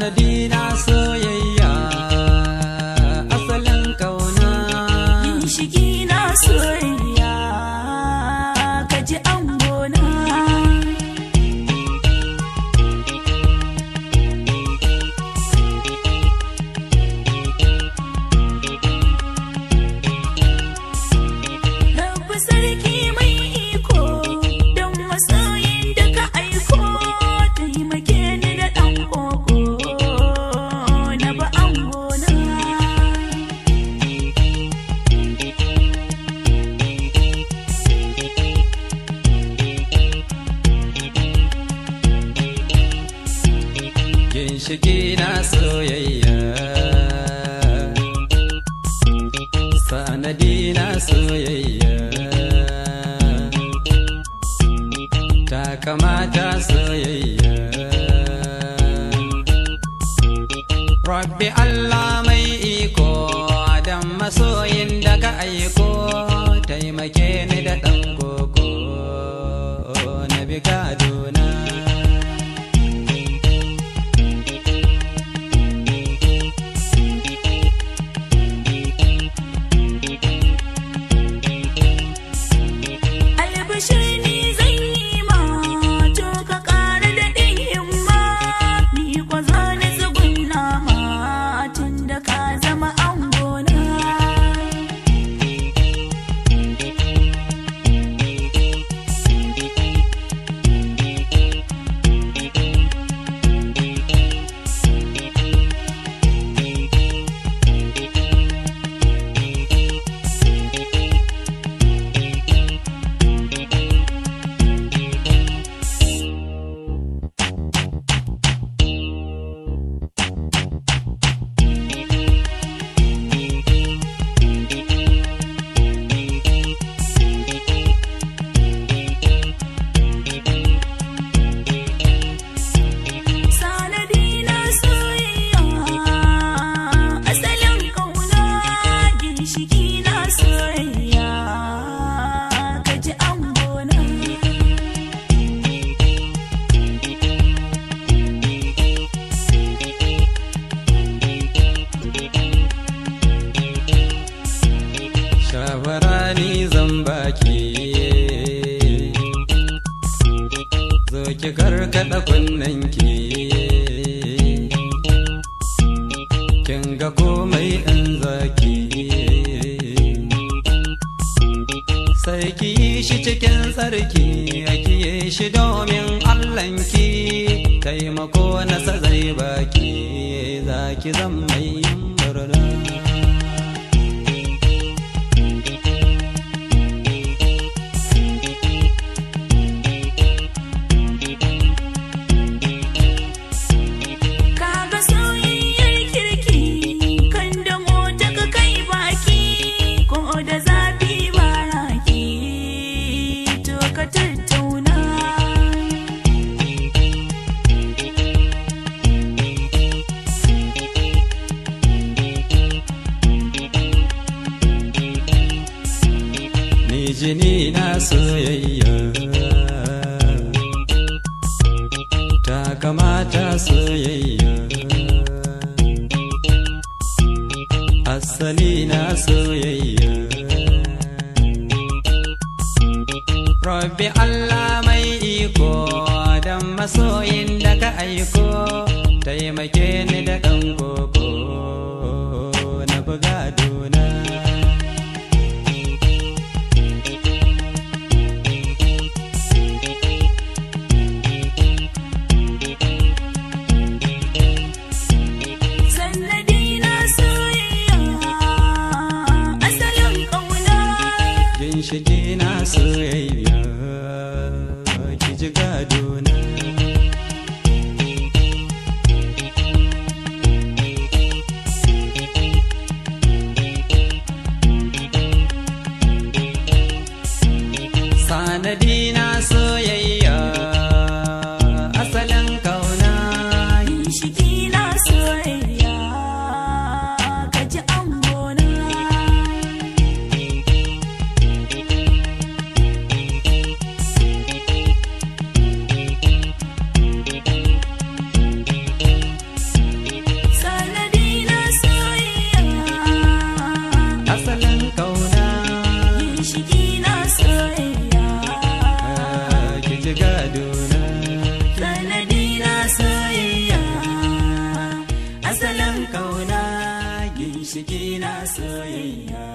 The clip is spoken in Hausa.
Medina so yeah. shige na soyayya sanadi na soyayya ta kamata soyayya rabbi allah mai iko dan masoyin daga aiko taimake ni da ɗan ki kaɗa kunnen ki kin ga komai ɗan zaki sai ki yi shi cikin tsarki ki kiye shi domin allanki taimako na sa zai baki zaki zan mai yin kamata soyayya asali na soyayya rabbi Allah mai iko dan masoyi shiki na soyayya.